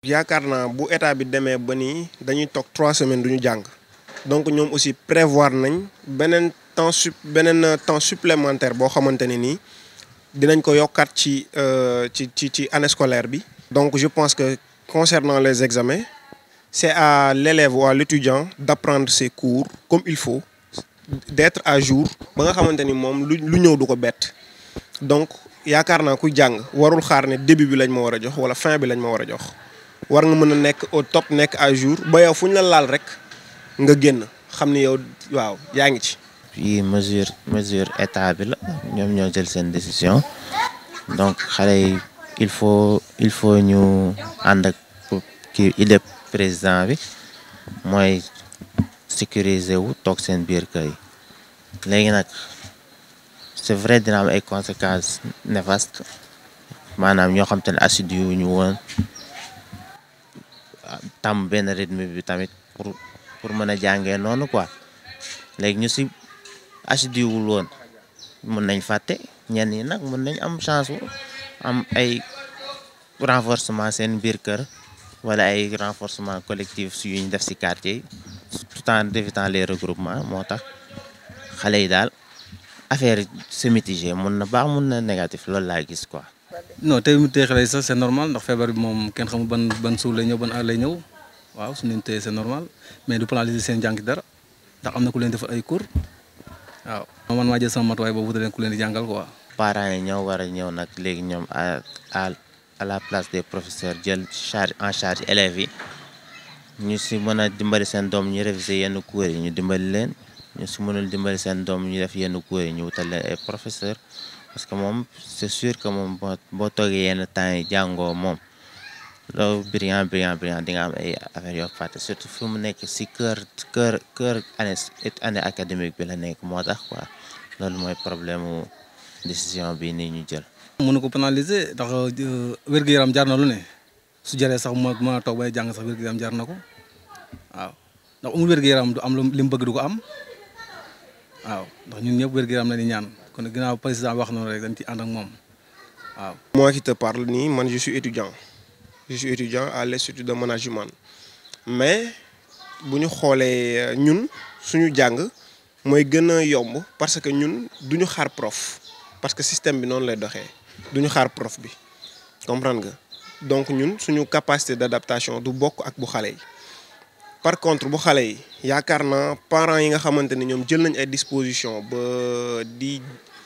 yaakaar naa bu état bi demee ba nii dañuy toog trois semaines duñu jàng donc ñoom aussi prévoir nañ beneen temps su beneen temps supplémentaire boo xamante ne nii dinañ ko yokkaat ci euh, ci ci ci année bi. donc je pense que concernant les examens c'est à l'élève ou à l'étudiant d'apprendre ses cours comme il faut d'être à jour ba nga xamante ni moom lu lu ñëw du ko bett donc yaakaar naa kuy jàng warul xaar ne début bi lañ ma war a jox wala fin bi lañ ma war a jox. war nga mën a nekk au top nekk à jour ba yow fu ñu la laal rek nga génn xam ni yow waaw yaa ngi ci. yii mesure mesure état bi la ñoom ñoo jël seen décision donc xale yi il faut il faut ñu ànd ak kii idée président bi mooy sécuriser wu toog seen biir kër yi léegi nag c'est vrai dina am ay conséquences néfastes maanaam ñoo xam te ne assidu ñu woon. tàmm benn rythme bi tamit pour pour mën a jàngee noonu quoi léegi ñu si wul woon mun nañ fàtte ñenn yi nag mën nañ am chance am ay renforcement seen biir kër wala ay renforcement collectif su yu ñu def si quartier yi tout en évitant les regroupement moo tax xale yi daal affaire semi mitigé mun na baax mun na négatif loolu laa gis quoi. no te mu téye xale yi sax c'est normal ndax feebar bi moom kenn xamul ban ban suuf lay ñëw ban heure lay ñëw waaw su ñu téye c'est normal mais du paralysé seen jàng dara ndax am na ku leen defal ay cours waaw. man maa jël sama matuwaay boobu da ku leen di jàngal quoi. parents yi ñoo war a ñëw nag léegi ñoom à à place des professeurs jël charge en charge élèves yi ñu si mën a dimbali seen doom ñu réviser yenn cours yi ñu dimbali leen ñu si mënul dimbali seen doom ñu def yenn cours yi ñu wutal leen ay professeurs. parce que moom c'est sûr que moom boo boo toogee yenn temps yi jàngoo moom loolu brillant brillant di nga am ay affaire yoo mu nekk si kër kër la nekk moo tax quoi loolu mooy problème mu décision bi nii ñu jël. mënu ko pénaliser ndax euh, wér yaram jaar na lu ne su jëree sax ma mën a toog bay jàng sax wér-gu-yaram jaar na ko waaw ndax amul wér-gu-yaram du am li mu bëgg du ko am waaw ndax ñun ñëpp wér-gu-yaram la ni ñaan. kon ginnaaw président wax noonu rek dañ ci ànd ak moom waaw. moi qui te man je suis étudiant je suis étudiant à l'institut de management mais bu ñu xoolee euh, ñun suñu jàng mooy gën a yomb parce que ñun du ñu xaar prof parce que système bi noonu lay doxee du ñu xaar prof bi comprendre nga donc ñun suñu capacité d'adaptation du bokk ak bu xale yi. par contre bu xale yi yaakaar naa parent yi nga xamante ni ñoom jël nañ ay disposition ba di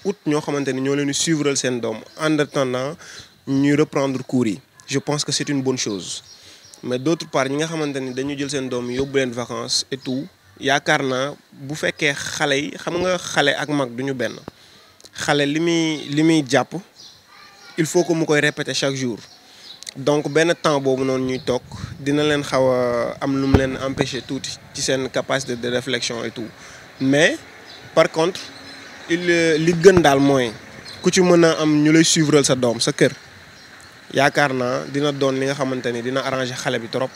ut ñoo xamante ni ñoo leen di suivre seen doom en attendant ñuy reprendre cours yi je pense que c'est une bonne chose mais d'autre part ñi nga xamante ni dañu jël seen doom yóbbu leen vacances et tout yaakaar naa bu fekkee xale yi xam nga xale ak mag duñu benn xale li muy li muy jàpp il faut que mu koy répéter chaque jour donc benn temps boobu noonu ñuy toog dina leen xaw a am lu mu leen empêcher tuuti ci seen capacité de réflexion et tout mais par contre il euh, li gën daal mooy ku ci mën a am ñu lay suivre sa doom sa kër yaakaar naa dina doon li nga xamante ni dina arranger xale bi trop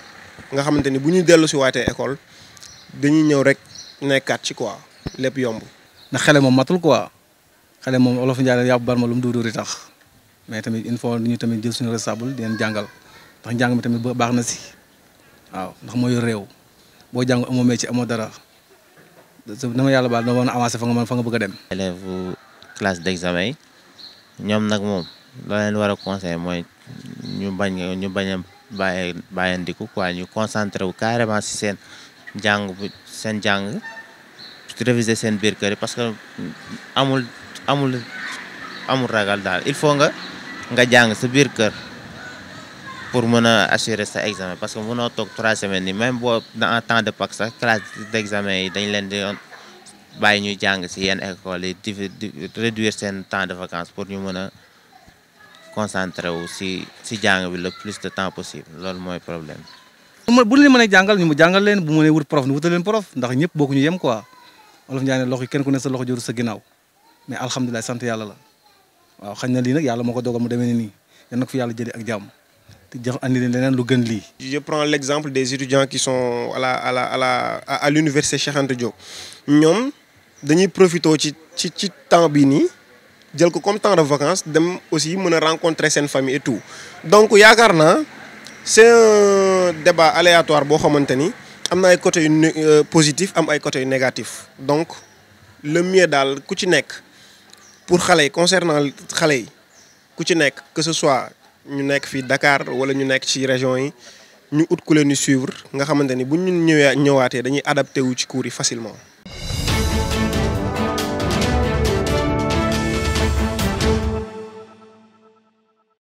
nga xamante ni bu ñu dellu si waatee école dañuy ñëw rek nekkaat ci quoi lépp yomb. ndax xale moom matul quoi xale moom olof Ndiaye yàpp bar ma lu mu duuduuri tax. mais tamit il faut ñu tamit jël suñu responsable di leen jàngal ndax njàng mi tamit baax na si waaw ndax mooy réew boo jàng amoo ci amoo dara dama yàlla baal dama mën a avancer fa nga mën nga bëgg a dem. élèves classe d'examen yi ñoom nag moom loo leen war a conseillé mooy ñu bañ ñu bañ a bàyyi bàyyandiku quoi ñu concentré wu carrément si seen jàng bu seen jàng réviser seen biir kër parce que amul amul amul ragal daal il faut nga. nga jàng sa biir kër pour mën a assurer sa examen parce que noo toog trois semaine ni même boo en temps de PAC sax classe d'examen yi dañ leen di bàyyi ñu jàng si yenn école yi di réduire seen temps de vacances pour ñu mën a concentré wu si si jàng bi le plus de temps possible loolu mooy problème bi. bu ñu mën a jàngal ñu mu jàngal leen bu mënee wut prof ñu wutal leen prof ndax ñëpp bokkuñu yem quoi olof Ndiaye ne loxo yi kenn ku ne sa loxo joru sa ginnaaw mais sant yàlla la. waaw xañ na lii nag yàlla moo ko dogal mu demee nii yal na ko fi yàlla jëlee ak jàmm te jox andi leneen lu gën lii. je prends l' exemple des étudiants qui sont à la à la à la à ñoom dañuy profité ci ci ci temps bii nii jël ko comme temps de vacances dem aussi mën a rencontrer seen famille et tout donc yaakaar naa c' est un débat aléatoire boo xamante ni am na ay côté yu euh, positif am ay côté yu négatif donc le mieux daal ku ci nekk. pour xale yi concernant xale yi ku ci nekk que ce soit ñu nekk fii Dakar wala ñu nekk ci région yi ñu ut ku leen di suivre nga xamante ni bu ñu ñëwee ñëwaatee dañuy adapté wu ci cours yi facilement.